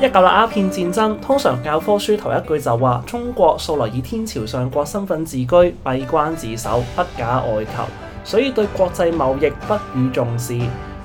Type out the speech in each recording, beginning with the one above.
一九六鴉片戰爭，通常教科書頭一句就話：中國素來以天朝上國身份自居，閉關自守，不假外求，所以對國際貿易不予重視。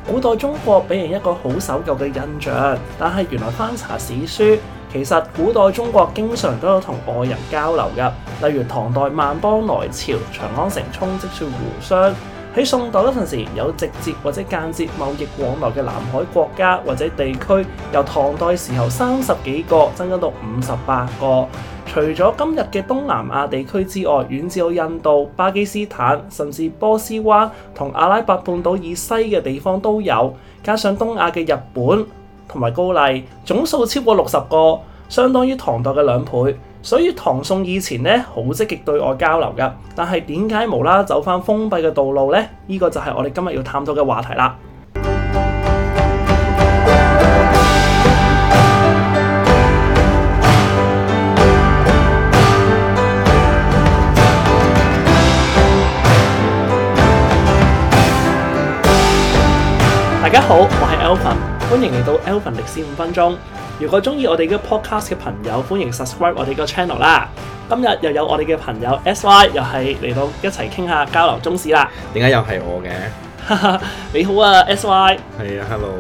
古代中國俾人一個好守舊嘅印象，但係原來翻查史書，其實古代中國經常都有同外人交流嘅，例如唐代萬邦來朝，長安城充斥住胡商。喺宋代嗰陣時，有直接或者間接貿易往來嘅南海國家或者地區，由唐代時候三十幾個增加到五十八個。除咗今日嘅東南亞地區之外，遠至有印度、巴基斯坦，甚至波斯灣同阿拉伯半島以西嘅地方都有。加上東亞嘅日本同埋高麗，總數超過六十個，相當於唐代嘅兩倍。所以唐宋以前咧，好積極對外交流噶。但係點解無啦啦走返封閉嘅道路呢？呢個就係我哋今日要探討嘅話題啦。大家好，我係 Alvin，歡迎嚟到 Alvin 歷史五分鐘。如果中意我哋嘅 podcast 嘅朋友，歡迎 subscribe 我哋個 channel 啦！今日又有我哋嘅朋友 S Y 又係嚟到一齊傾下交流中史啦。點解又係我嘅？哈哈，你好啊，S Y。係啊 Hey，Hello。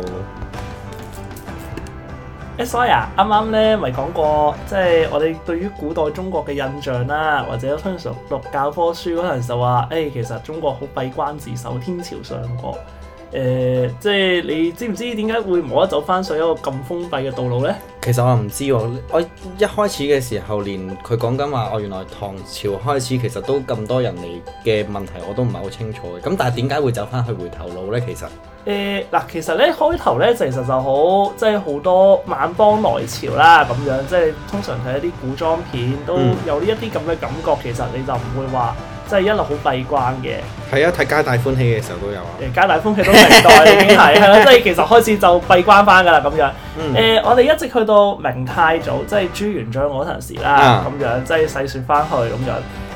S Y 啊，啱啱咧咪講過，即係我哋對於古代中國嘅印象啦，或者通常讀教科書嗰陣就話，誒，其實中國好閉關自守，天朝上國。誒、呃，即係你知唔知點解會冇得走翻上一個咁封閉嘅道路呢？其實我唔知喎，我一開始嘅時候連佢講緊話，我原來唐朝開始其實都咁多人嚟嘅問題，我都唔係好清楚嘅。咁但係點解會走翻去回頭路呢？其實誒，嗱，其實呢開頭呢，其實就好，即係好多萬邦來朝啦咁樣，即係通常睇一啲古裝片都有呢一啲咁嘅感覺，嗯、其實你就唔會話。即係一路好閉關嘅，係啊！睇皆大歡喜嘅時候都有啊，皆大歡喜都明代已經係，係咯， 即係其實開始就閉關翻噶啦咁樣。誒、嗯呃，我哋一直去到明太祖，即係朱元璋嗰陣時啦，咁、嗯、樣即係細算翻去咁樣。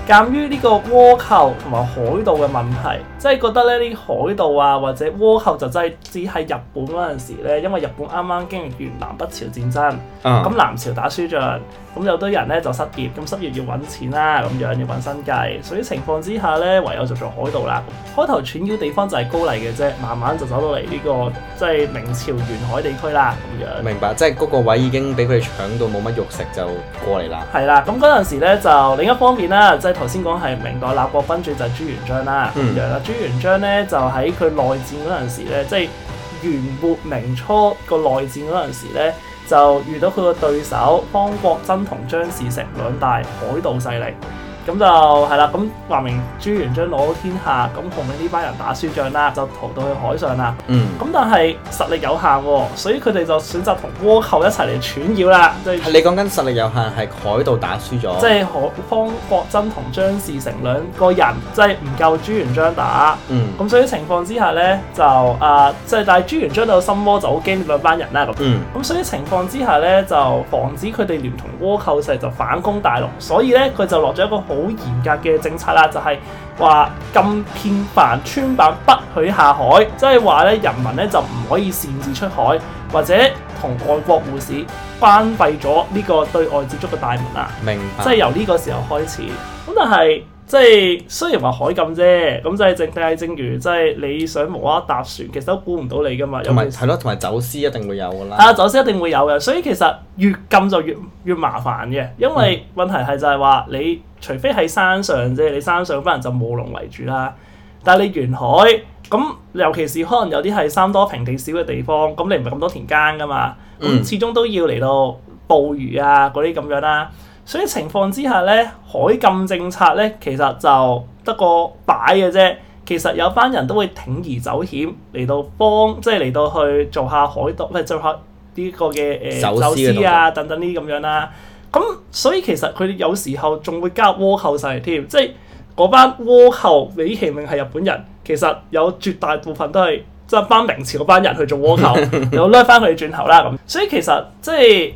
鑒於呢個倭寇同埋海盜嘅問題，即係覺得咧呢海盜啊，或者倭寇就真係只係日本嗰陣時咧，因為日本啱啱經歷完南北朝戰爭，咁、嗯、南朝打輸仗，咁有多人咧就失業，咁失業要搵錢啦，咁樣要搵生計，所以情況之下咧，唯有就做海盜啦。開頭竄擾地方就係高麗嘅啫，慢慢就走到嚟呢、這個即係明朝沿海地區啦，咁樣。明白，即係嗰個位已經俾佢哋搶到冇乜肉食就過嚟啦。係啦，咁嗰陣時咧就另一方面啦，就是頭先講係明代立國君主就係朱元璋啦，嗯、朱元璋咧就喺佢內戰嗰陣時咧，即係元末明初個內戰嗰陣時咧，就遇到佢個對手方國珍同張士誠兩大海盜勢力。咁就係啦，咁話明朱元璋攞到天下，咁同你呢班人打輸仗啦，就逃到去海上啦。嗯。咁但係實力有限喎、哦，所以佢哋就選擇同倭寇一齊嚟串擾啦。係、就是、你講緊實力有限係海度打輸咗。即係何方國珍同張士誠兩個人，即係唔夠朱元璋打。嗯。咁所以情況之下咧，就啊，即、呃、係、就是、但係朱元璋到心魔就好驚兩班人啦咁。咁、嗯、所以情況之下咧，就防止佢哋連同倭寇勢就反攻大陸，所以咧佢就落咗一個。好嚴格嘅政策啦，就係話禁片板、寸板不許下海，即係話咧人民咧就唔可以擅自出海，或者同外國互市，關閉咗呢個對外接觸嘅大門啦。明白，即係由呢個時候開始。咁但係即係雖然話海禁啫，咁即係正正正如即係、就是、你想無啦搭船，其實都估唔到你噶嘛。同埋係咯，同埋走私一定會有噶啦。啊，走私一定會有嘅，所以其實越禁就越越麻煩嘅，因為問題係就係話你。嗯除非喺山上啫，你山上可能就務農為主啦。但係你沿海咁，尤其是可能有啲係山多平地少嘅地方，咁你唔係咁多田間噶嘛。咁、嗯、始終都要嚟到捕魚啊嗰啲咁樣啦、啊。所以情況之下咧，海禁政策咧其實就得個擺嘅啫。其實有班人都會鋌而走險嚟到幫，即係嚟到去做下海盜，唔係做下呢個嘅誒、呃、走私啊走私等等呢啲咁樣啦、啊。咁、嗯、所以其實佢哋有時候仲會加倭寇曬添，即係嗰班倭寇，你明明係日本人，其實有絕大部分都係執班明朝嗰班人去做倭寇， 又拉翻佢哋轉頭啦咁。所以其實即係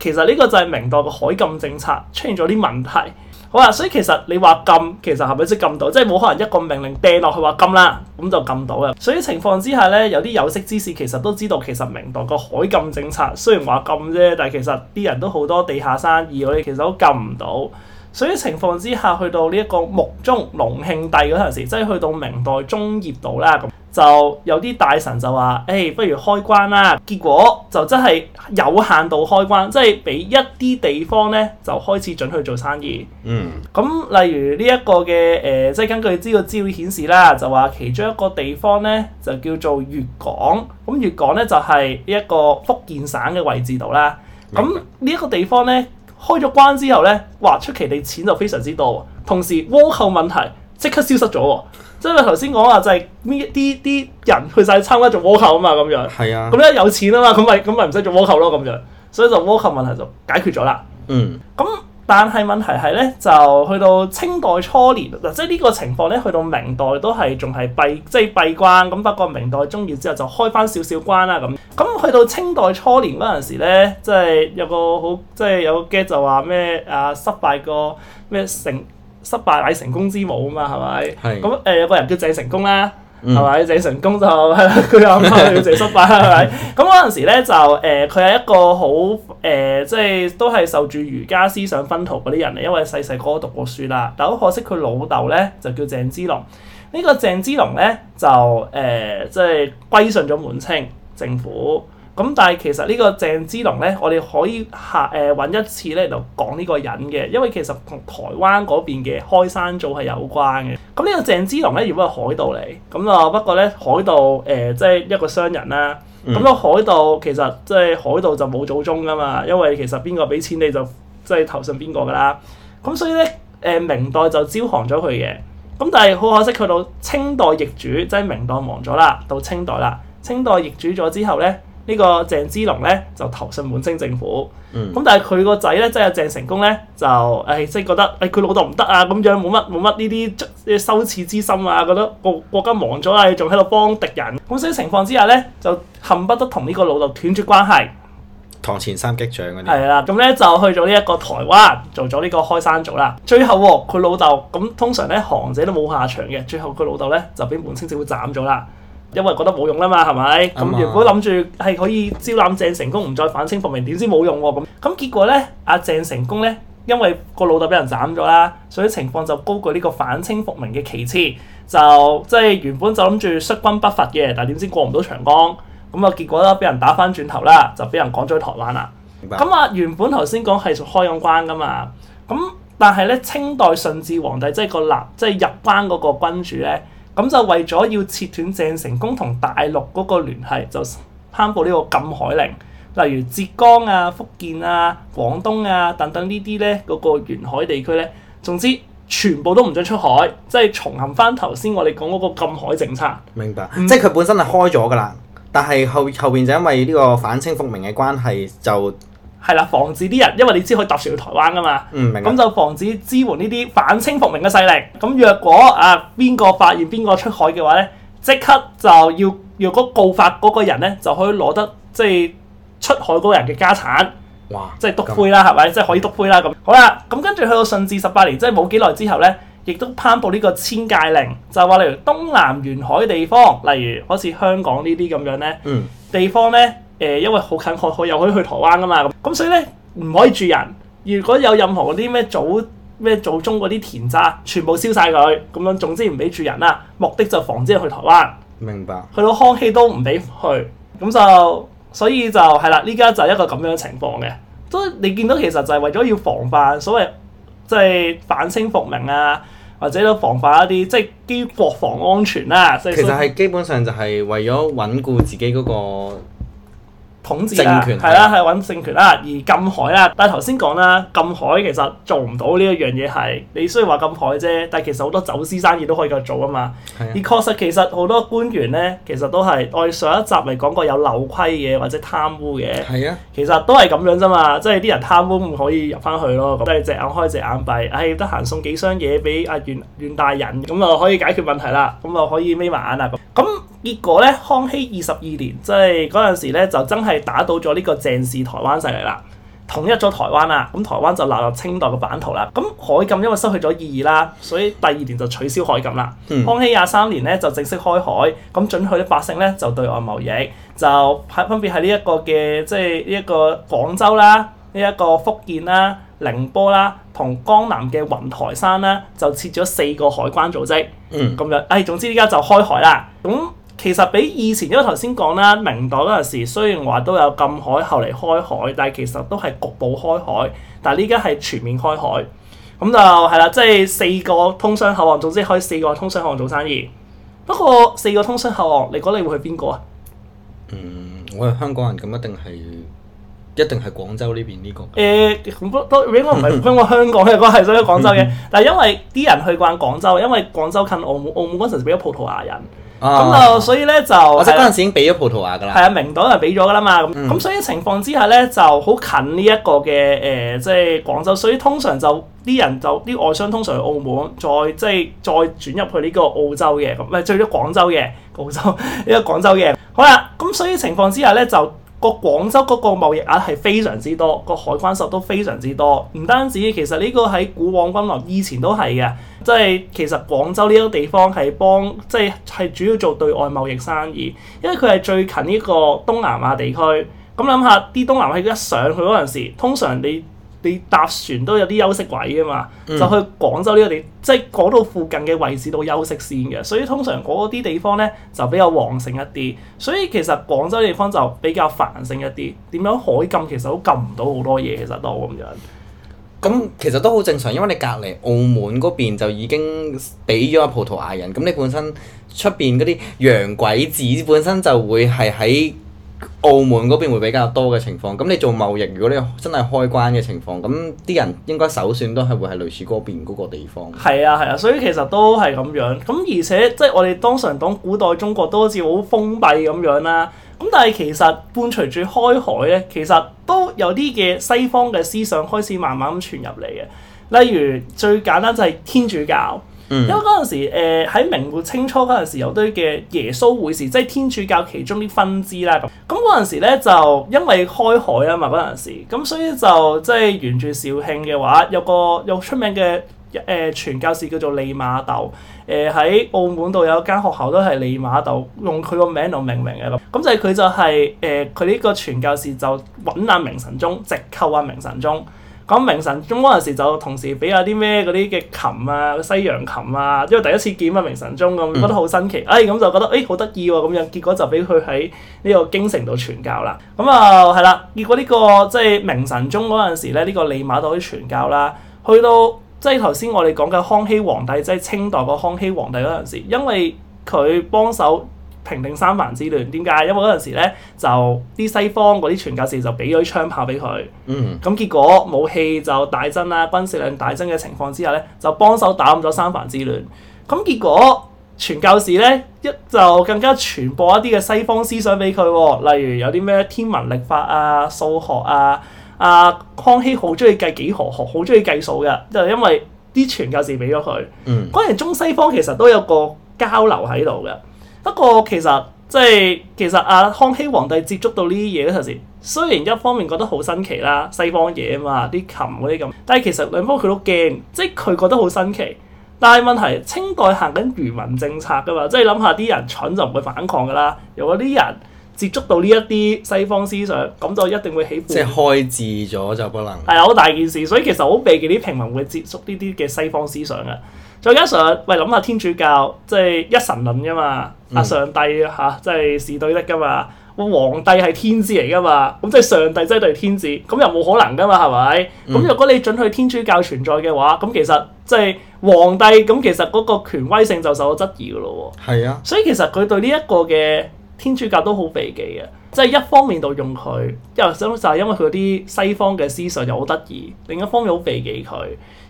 其實呢個就係明代嘅海禁政策出 h 咗啲問題。好啦，所以其實你話禁，其實係咪即禁到？即係冇可能一個命令掟落去話禁啦，咁就禁到嘅。所以情況之下呢，有啲有識之士其實都知道，其實明代個海禁政策雖然話禁啫，但係其實啲人都好多地下生意，我哋其實都禁唔到。所以情況之下，去到呢一個穆宗、隆慶帝嗰陣時，即係去到明代中葉度啦就有啲大臣就話：誒、欸，不如開關啦。結果就真係有限度開關，即係俾一啲地方咧就開始準去做生意。嗯。咁例如呢一個嘅誒、呃，即係根據呢個資料顯示啦，就話其中一個地方咧就叫做月港。咁月港咧就係呢一個福建省嘅位置度啦。咁呢一個地方咧開咗關之後咧，哇！出奇地錢就非常之多，同時倭寇問題即刻消失咗。即係我頭先講話就係呢啲啲人去晒參加做倭寇啊嘛咁樣，係啊，咁咧有錢啊嘛，咁咪咁咪唔使做倭寇咯咁樣，所以就倭寇問題就解決咗啦。嗯，咁但係問題係咧，就去到清代初年嗱，即係呢個情況咧，去到明代都係仲係閉，即係閉關咁。不過明代中葉之後就開翻少少關啦咁。咁去到清代初年嗰陣時咧，即係有個好，即係有 g 嘅就話咩啊失敗個咩成。失敗乃成功之母啊嘛，係咪？咁誒有個人叫鄭成功啦，係咪、嗯？鄭成功就佢諗翻叫鄭失敗啦，係咪？咁嗰陣時咧就誒，佢、呃、係一個好誒、呃，即係都係受住儒家思想熏陶嗰啲人嚟，因為細細個讀過書啦。但好可惜佢老豆咧就叫鄭芝龍，呢、這個鄭芝龍咧就誒，即、呃、係、就是、歸順咗滿清政府。咁但係其實呢個鄭之龍咧，我哋可以下誒揾、呃、一次咧，就講呢個人嘅，因為其實同台灣嗰邊嘅開山祖係有關嘅。咁呢個鄭之龍咧，亦都係海盜嚟咁啊。不過咧，海盜誒、呃、即係一個商人啦。咁個、嗯、海盜其實即係海盜就冇祖宗噶嘛，因為其實邊個俾錢你就即係、就是、投信邊個噶啦。咁所以咧誒、呃，明代就招降咗佢嘅。咁但係好可惜，佢到清代易主，即係明代亡咗啦，到清代啦。清代易主咗之後咧。呢個鄭芝龍咧就投信滿清政府，咁、嗯、但係佢個仔咧即係鄭成功咧就誒、哎、即係覺得誒佢老豆唔得啊，咁樣冇乜冇乜呢啲羞恥之心啊，覺得國國家亡咗啦，仲喺度幫敵人。咁所以情況之下咧，就恨不得同呢個老豆斷絕關係。堂前三擊掌啲係啦，咁咧、嗯、就去咗呢一個台灣做咗呢個開山祖啦。最後佢老豆咁通常咧，行者都冇下場嘅，最後佢老豆咧就俾滿清政府斬咗啦。因為覺得冇用啦嘛，係咪？咁、嗯啊、原本諗住係可以招攬鄭成功，唔再反清復明，點知冇用喎、啊、咁。咁結果咧，阿、啊、鄭成功咧，因為個老豆俾人斬咗啦，所以情況就高過呢個反清復明嘅旗幟，就即係原本就諗住率軍北伐嘅，但點知過唔到長江，咁啊結果咧，俾人打翻轉頭啦，就俾人趕咗去台灣啦。明白。咁啊，原本頭先講係開勇關噶嘛，咁但係咧，清代順治皇帝即係個立即係入關嗰個君主咧。咁就為咗要切斷鄭成功同大陸嗰個聯繫，就頒布呢個禁海令。例如浙江啊、福建啊、廣東啊等等呢啲咧，嗰個沿海地區咧，總之全部都唔準出海，即係重行翻頭先我哋講嗰個禁海政策。明白，即係佢本身係開咗噶啦，但係後後邊就因為呢個反清復明嘅關係就。係啦，防止啲人，因為你知佢搭船去台灣噶嘛，咁、嗯、就防止支援呢啲反清復明嘅勢力。咁若果啊邊個發現邊個出海嘅話呢，即刻就要若果告發嗰個人呢，就可以攞得即係出海嗰人嘅家產，哇即係篤灰啦，係咪樣？即係、就是、可以篤灰啦，咁好啦。咁跟住去到順治十八年，即係冇幾耐之後呢，亦都頒布呢個遷界令，就話例如東南沿海地方，例如好似香港這這呢啲咁樣咧，嗯、地方呢。誒，因為好近，可可又可以去台灣噶嘛。咁所以咧，唔可以住人。如果有任何嗰啲咩祖咩祖宗嗰啲田渣，全部燒晒佢。咁樣總之唔俾住人啦。目的就防止去台灣。明白。去到康熙都唔俾去。咁就所以就係啦。呢家就係一個咁樣嘅情況嘅。都你見到其實就係為咗要防範所謂即係反清復明啊，或者都防範一啲即係啲國防安全啦、啊。就係、其實係基本上就係為咗穩固自己嗰、嗰個。統治政權啦，係啦，係揾政權啦。而禁海啦，但係頭先講啦，禁海其實做唔到呢一樣嘢係，你雖然話禁海啫。但係其實好多走私生意都可以夠做啊嘛。的而確實其實好多官員咧，其實都係我哋上一集咪講過有漏規嘅或者貪污嘅。係啊的，其實都係咁樣啫嘛，即係啲人貪污唔可以入翻去咯。咁即係隻眼開隻眼閉，唉、哎，得閒送幾箱嘢俾阿袁袁大人，咁啊可以解決問題啦，咁啊可以眯埋眼啊咁。結果咧，康熙二十二年，即係嗰陣時咧，就真係打倒咗呢個鄭氏台灣勢力啦，統一咗台灣啦，咁台灣就納入清代嘅版圖啦。咁海禁因為失去咗意義啦，所以第二年就取消海禁啦。嗯、康熙廿三年咧就正式開海，咁准許啲百姓咧就對外貿易，就係分別係呢一個嘅，即係呢一個廣州啦，呢、這、一個福建啦、寧波啦，同江南嘅雲台山啦，就設咗四個海關組織。嗯。咁樣，誒、哎，總之依家就開海啦。咁、嗯其實比以前，因為頭先講啦，明代嗰陣時雖然話都有禁海，後嚟開海，但係其實都係局部開海。但係呢家係全面開海，咁就係啦，即係四個通商口岸，總之開四個通商口岸做生意。不過四個通商口岸，你覺得你會去邊個啊？嗯，我係香港人，咁一定係一定係廣州呢邊呢個。誒、欸，都唔係香港係，香港嘅關係，所以廣州嘅。但係， 因為啲人去慣廣州，因為廣州近澳門，澳門嗰陣時俾咗葡萄牙人。咁就、哦、所以咧就是、我係嗰陣時已經俾咗葡萄牙㗎啦，係啊，明董就俾咗㗎啦嘛，咁咁、嗯、所以情況之下咧就好近呢一個嘅誒、呃，即係廣州，所以通常就啲人就啲外商通常去澳門，再即係再轉入去呢個澳洲嘅，咁咪最左廣州嘅澳洲呢 個廣州嘅，好啦、啊，咁所以情況之下咧就。個廣州嗰個貿易額係非常之多，個海關稅都非常之多，唔單止。其實呢個喺古往今來以前都係嘅，即係其實廣州呢個地方係幫，即係係主要做對外貿易生意，因為佢係最近呢個東南亞地區。咁諗下啲東南亞一上去嗰陣時，通常你。你搭船都有啲休息位㗎嘛，就去廣州呢個地，即係嗰度附近嘅位置度休息先嘅，所以通常嗰啲地方咧就比較旺盛一啲，所以其實廣州地方就比較繁盛一啲。點樣海禁其實都禁唔到好多嘢，其實都咁樣。咁、嗯、其實都好正常，因為你隔離澳門嗰邊就已經俾咗葡萄牙人，咁你本身出邊嗰啲洋鬼子本身就會係喺。澳門嗰邊會比較多嘅情況，咁你做貿易，如果你真係開關嘅情況，咁啲人應該首選都係會喺類似嗰邊嗰個地方。係啊係啊，所以其實都係咁樣，咁而且即係我哋當常講古代中國都好似好封閉咁樣啦，咁但係其實伴隨住開海咧，其實都有啲嘅西方嘅思想開始慢慢咁傳入嚟嘅，例如最簡單就係天主教。因為嗰陣時，喺、呃、明末清初嗰陣時有堆嘅耶穌會士，即係天主教其中啲分支啦。咁嗰陣時咧就因為開海啊嘛，嗰陣時，咁所以就即係沿住肇慶嘅話，有個有出名嘅誒傳教士叫做利瑪竇，誒、呃、喺澳門度有間學校都係利瑪竇用佢、就是呃、個名嚟命名嘅。咁就係佢就係誒佢呢個傳教士就揾啊明神宗，直叩啊明神宗。講明神宗嗰陣時就同時俾咗啲咩嗰啲嘅琴啊西洋琴啊，因為第一次見啊明神宗咁覺得好新奇，嗯、哎咁就覺得哎好得意喎咁樣，結果就俾佢喺呢個京城度傳教啦。咁啊係啦，結果、這個就是、呢個即係明神宗嗰陣時咧，呢、這個利瑪竇啲傳教啦，去到即係頭先我哋講嘅康熙皇帝，即、就、係、是、清代個康熙皇帝嗰陣時，因為佢幫手。平定三藩之亂，點解？因為嗰陣時咧，就啲西方嗰啲傳教士就俾咗槍炮俾佢，咁、mm hmm。結果武器就大增啦，軍事量大增嘅情況之下咧，就幫手打冧咗三藩之亂。咁結果傳教士咧一就更加傳播一啲嘅西方思想俾佢，例如有啲咩天文、歷法啊、數學啊，啊，康熙好中意計幾何學，好中意計數嘅，就因為啲傳教士俾咗佢。嗰陣、mm hmm。中西方其實都有個交流喺度嘅。不過其實即係其實阿、啊、康熙皇帝接觸到呢啲嘢嗰陣時，雖然一方面覺得好新奇啦，西方嘢啊嘛，啲琴嗰啲咁，但係其實兩方佢都驚，即係佢覺得好新奇，但係問題清代行緊愚民政策噶嘛，即係諗下啲人蠢就唔會反抗噶啦，如果啲人接觸到呢一啲西方思想，咁就一定會起。即係開智咗就不能。係啊、哎，好大件事，所以其實好避忌啲平民會接觸呢啲嘅西方思想啊。再加上，喂，諗下天主教，即係一神論噶嘛？阿、嗯、上帝嚇、啊，即係是對的噶嘛？皇帝係天子嚟噶嘛？咁即係上帝真係對天子，咁又冇可能噶嘛？係咪？咁若、嗯、果你准許天主教存在嘅話，咁其實即係皇帝咁，其實嗰個權威性就受到質疑噶咯。係啊，所以其實佢對呢一個嘅天主教都好避忌嘅，即、就、係、是、一方面度用佢，又想就係因為佢啲西方嘅思想又好得意，另一方面好避忌佢。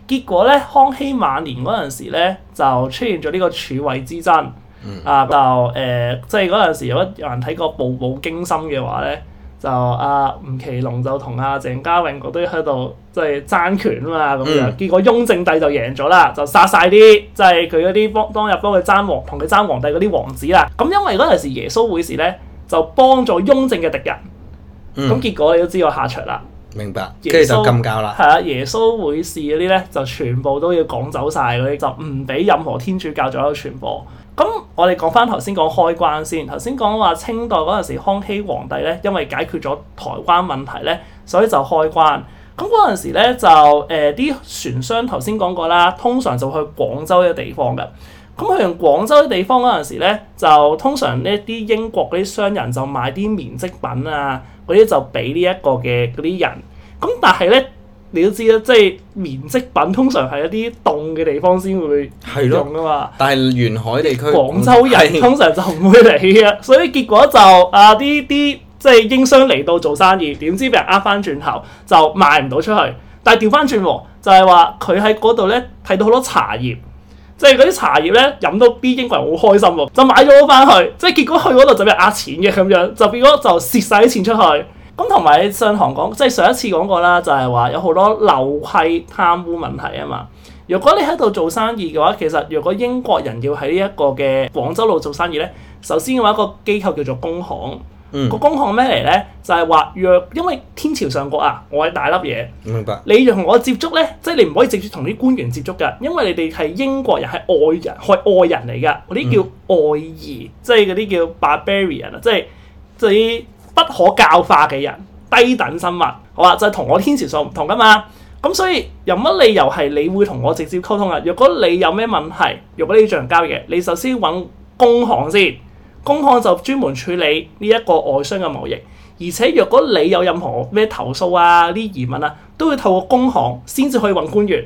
結果咧，康熙晚年嗰陣時咧，就出現咗呢個儲位之爭。嗯、啊，就誒，即係嗰陣時，如果有人睇過《步步驚心》嘅話咧，就阿吳奇隆就同阿鄭嘉穎嗰堆喺度，即、就、係、是、爭權啊嘛咁樣。結果雍正帝就贏咗啦，就殺晒啲，即係佢嗰啲幫當日幫佢爭皇，同佢爭皇帝嗰啲王子啦。咁因為嗰陣時耶穌會士咧，就幫助雍正嘅敵人。咁、嗯、結果你都知道下場啦。明白，跟住穌就禁教啦。係啊，耶穌會事耶穌會士嗰啲咧，就全部都要趕走晒，嗰啲，就唔俾任何天主教做一個傳播。咁我哋講翻頭先講開關先，頭先講話清代嗰陣時，康熙皇帝咧，因為解決咗台灣問題咧，所以就開關。咁嗰陣時咧，就誒啲、呃、船商頭先講過啦，通常就去廣州啲地方嘅。咁去完廣州嘅地方嗰陣時咧，就通常呢啲英國啲商人就買啲棉織品啊。嗰啲就俾呢一個嘅嗰啲人，咁但係咧，你都知啦，即係棉織品通常係一啲凍嘅地方先會用噶嘛。但係沿海地區，廣州人通常就唔會嚟嘅。是的 所以結果就啊啲啲即係英商嚟到做生意，點知俾人呃翻轉頭，就賣唔到出去。但係調翻轉喎，就係話佢喺嗰度咧睇到好多茶葉。即係嗰啲茶葉咧，飲到啲英國人好開心喎，就買咗翻去。即係結果去嗰度就俾人呃錢嘅咁樣，就變咗就蝕晒啲錢出去。咁同埋上堂講，即係上一次講過啦，就係話有好多流弊貪污問題啊嘛。如果你喺度做生意嘅話，其實如果英國人要喺呢一個嘅廣州路做生意咧，首先嘅話一個機構叫做工行。嗯、個工行咩嚟咧？就係、是、話若因為天朝上國啊，我係大粒嘢。明白。你同我接觸咧，即、就、係、是、你唔可以直接同啲官員接觸㗎，因為你哋係英國人，係外人，係外人嚟㗎。嗰啲叫外夷，即係嗰啲叫 barbarian 啊，即係最不可教化嘅人，低等生物。好啊，就係、是、同我天朝上唔同㗎嘛。咁所以有乜理由係你會同我直接溝通啊？若果你有咩問題，若果你要做交易，你首先揾工行先。工行就專門處理呢一個外商嘅貿易，而且若果你有任何咩投訴啊、啲疑問啊，都會透過工行先至可以揾官員。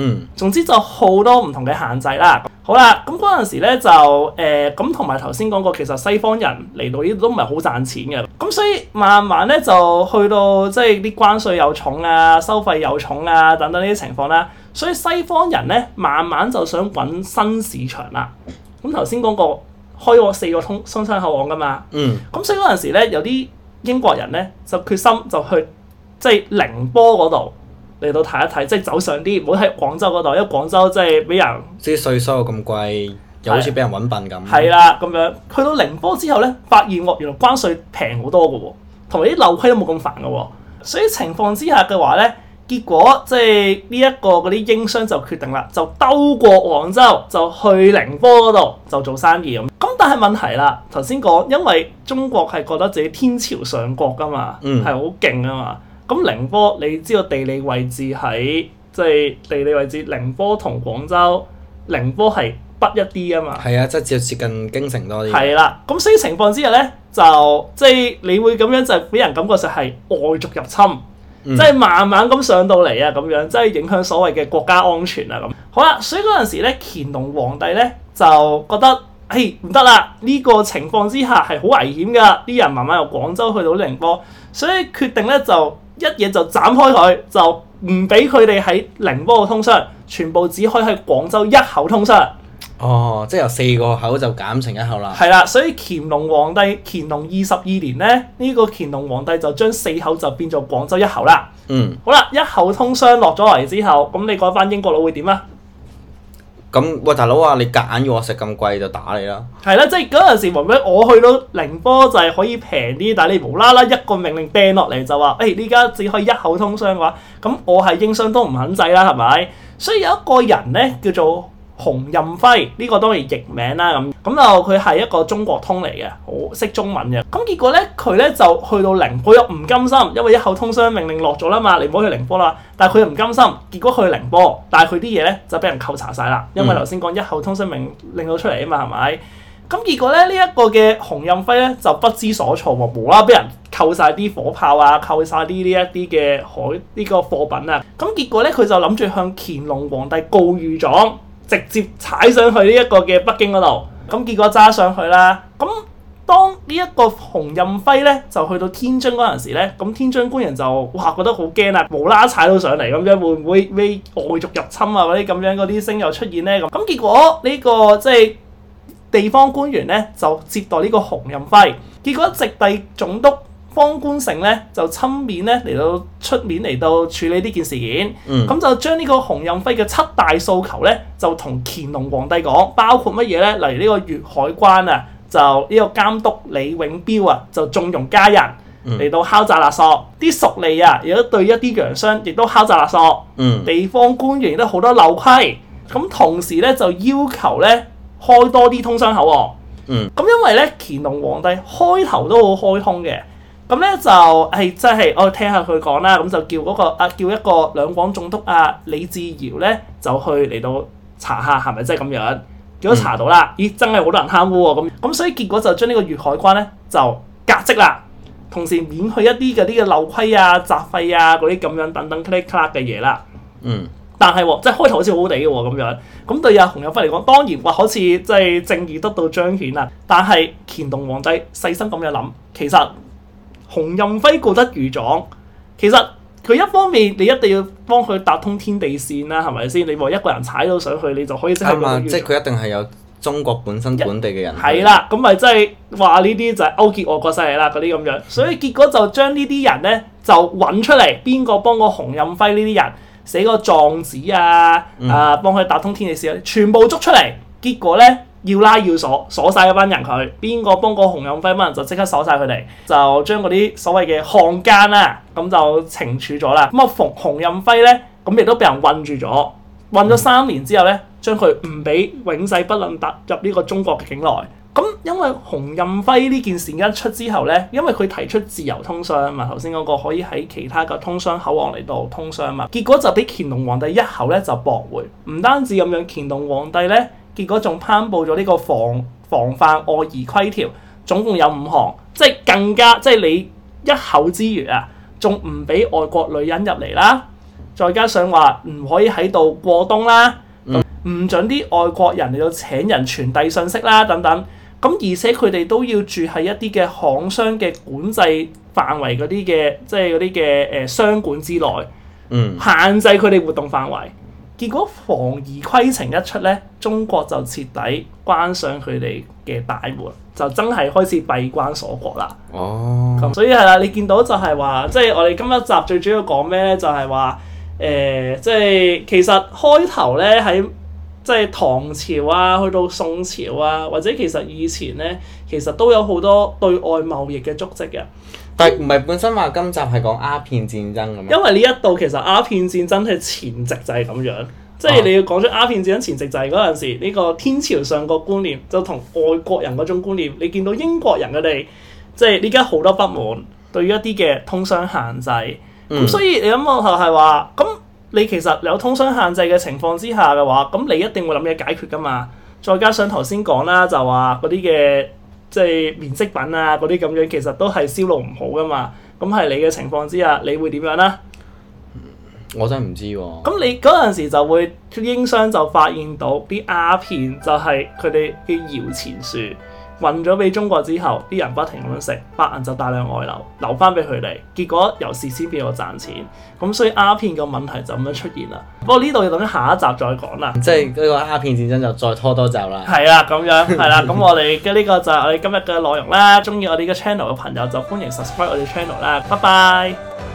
嗯，總之就好多唔同嘅限制啦。好啦，咁嗰陣時呢就誒咁同埋頭先講過，其實西方人嚟到呢度都唔係好賺錢嘅。咁所以慢慢呢就去到即係啲關稅又重啊、收費又重啊等等呢啲情況啦。所以西方人呢，慢慢就想揾新市場啦。咁頭先講過。開過四個通商口岸㗎嘛，咁、嗯、所以嗰陣時咧，有啲英國人咧就決心就去即係、就是、寧波嗰度嚟到睇一睇，即係走上啲唔好喺廣州嗰度，因為廣州即係俾人啲稅收咁貴，又好似俾人揾笨咁。係啦、啊，咁、啊、樣去到寧波之後咧，發現原來關稅平好多嘅喎，同埋啲漏規都冇咁煩嘅喎。所以情況之下嘅話咧，結果即係呢一個嗰啲英商就決定啦，就兜過廣州就去寧波嗰度就做生意咁。但係問題啦，頭先講，因為中國係覺得自己天朝上國噶嘛，係好勁啊嘛。咁寧波你知道地理位置喺即係地理位置，寧波同廣州，寧波係北一啲啊嘛。係啊，即係接近京城多啲。係啦、啊，咁所以情況之下咧，就即係、就是、你會咁樣就俾人感覺就係外族入侵，即係、嗯、慢慢咁上到嚟啊，咁樣即係、就是、影響所謂嘅國家安全啊。咁好啦、啊，所以嗰陣時咧，乾隆皇帝咧就覺得。哎，唔得啦！呢個情況之下係好危險噶，啲人慢慢由廣州去到寧波，所以決定咧就一嘢就斬開佢，就唔俾佢哋喺寧波嘅通商，全部只開喺廣州一口通商。哦，即係由四個口就減成一口啦。係啦，所以乾隆皇帝，乾隆二十二年咧，呢個乾隆皇帝就將四口就變做廣州一口啦。嗯，好啦，一口通商落咗嚟之後，咁你講翻英國佬會點啊？咁喂，大佬啊，你夾硬要我食咁貴就打你啦！係啦，即係嗰陣時，為咩我去到寧波就係可以平啲？但係你無啦啦一個命令掟落嚟，就話，誒、欸，呢家只可以一口通商嘅話，咁我係英商都唔肯制啦，係咪？所以有一個人咧叫做。洪任輝呢、這個當然譯名啦，咁咁就佢係一個中國通嚟嘅，好識中文嘅。咁、嗯、結果咧，佢咧就去到寧，佢又唔甘心，因為一口通商命令落咗啦嘛，你唔好去寧波啦。但係佢又唔甘心，結果去寧波，但係佢啲嘢咧就俾人扣查晒啦，因為頭先講一口通商命令到出嚟啊嘛，係咪？咁、嗯、結果咧，呢、這、一個嘅洪任輝咧就不知所措喎，無啦啦俾人扣晒啲火炮啊，扣晒啲呢一啲嘅海呢、這個貨品啊。咁、嗯、結果咧，佢就諗住向乾隆皇帝告御狀。直接踩上去呢一個嘅北京嗰度，咁結果揸上去啦。咁當呢一個洪任輝咧就去到天津嗰陣時咧，咁天津官人就哇覺得好驚啦，無啦踩到上嚟咁樣，會唔會咩外族入侵啊嗰啲咁樣嗰啲聲又出現咧？咁咁結果呢、呢個即係、就是、地方官員咧就接待呢個洪任輝，結果直隸總督。方官城咧就親面咧嚟到出面嚟到處理呢件事件，咁、嗯、就將呢個洪任輝嘅七大訴求咧就同乾隆皇帝講，包括乜嘢咧？例如呢個粵海關啊，就呢個監督李永標啊，就縱容家人嚟到敲詐勒索；啲、嗯、屬吏啊，如果對一啲洋商亦都敲詐勒索；嗯、地方官員都好多陋規，咁同時咧就要求咧開多啲通商口。咁、嗯、因為咧乾隆皇帝開頭都好開通嘅。咁咧就係真係，我、哦、聽下佢講啦。咁、嗯、就叫嗰、嗰個啊，叫一個兩廣總督啊李侍堯咧，就去嚟到查下係咪真係咁樣。結果查到啦，嗯、咦，真係好多人貪污喎。咁咁所以結果就將呢個粵海關咧就革職啦，同時免去一啲嘅啲嘅陋規啊、雜費啊嗰啲咁樣等等 click click 嘅嘢啦。咯咯咯咯嗯，但係、啊、即係開頭好似好好地喎，咁樣咁對阿洪任輝嚟講，當然話好似即係正義得到彰顯啦。但係乾隆皇帝細心咁樣諗，其實。洪任輝過得如狀，其實佢一方面你一定要幫佢打通天地線啦，係咪先？你話一個人踩到上去，你就可以即刻。係即係佢一定係有中國本身本地嘅人。係啦，咁咪即係話呢啲就係、是、勾結我國勢力啦，嗰啲咁樣。所以結果就將呢啲人咧就揾出嚟，邊個幫個洪任輝呢啲人寫個狀紙啊？啊，幫佢打通天地線，全部捉出嚟。結果咧？要拉要鎖，鎖晒一班人，佢邊個幫過洪任輝，班人就即刻鎖晒佢哋，就將嗰啲所謂嘅漢奸啦，咁就懲處咗啦。咁啊，馮洪任輝咧，咁亦都俾人困住咗，困咗三年之後咧，將佢唔俾永世不能踏入呢個中國境內。咁因為洪任輝呢件事一出之後咧，因為佢提出自由通商呀嘛，頭先嗰個可以喺其他嘅通商口岸嚟到通商呀嘛，結果就俾乾隆皇帝一口咧就駁回，唔單止咁樣，乾隆皇帝咧。結果仲頒布咗呢個防防範外夷規條，總共有五項，即係更加即係你一口之餘啊，仲唔俾外國女人入嚟啦，再加上話唔可以喺度過冬啦，唔、嗯、准啲外國人嚟到請人傳遞信息啦等等。咁而且佢哋都要住喺一啲嘅行商嘅管制範圍嗰啲嘅，即係嗰啲嘅誒商館之內，嗯、限制佢哋活動範圍。結果防疫規程一出咧，中國就徹底關上佢哋嘅大門，就真係開始閉關鎖國啦。哦、oh.，咁所以係啦，你見到就係話，即係我哋今一集最主要講咩咧？就係、是、話，誒、呃，即係其實開頭咧喺即係唐朝啊，去到宋朝啊，或者其實以前咧。其實都有好多對外貿易嘅足跡嘅，但係唔係本身話今集係講鴉片戰爭嘅咩？因為呢一度其實鴉片戰爭係前夕就係咁樣，即係你要講出鴉片戰爭前夕就係嗰陣時呢個天朝上國觀念，就同外國人嗰種觀念，你見到英國人佢哋，即係依家好多不滿對於一啲嘅通商限制，咁、嗯、所以你諗我就係話，咁你其實有通商限制嘅情況之下嘅話，咁你一定會諗嘢解決噶嘛，再加上頭先講啦，就話嗰啲嘅。即係棉織品啊，嗰啲咁樣其實都係銷路唔好噶嘛，咁係你嘅情況之下，你會點樣呢？我真係唔知喎、啊。咁你嗰陣時就會英商就發現到啲鴉片就係佢哋嘅搖錢樹。運咗俾中國之後，啲人不停咁樣食，白銀就大量外流，流翻俾佢哋。結果由蝕錢變咗賺錢，咁所以鴉片個問題就咁樣出現啦。不過呢度要等下一集再講啦。即係呢個鴉片戰爭就再拖多集啦。係 啊，咁樣係啦。咁、啊、我哋嘅呢個就係我哋今日嘅內容啦。中意我哋嘅 channel 嘅朋友就歡迎 subscribe 我哋 channel 啦。拜拜。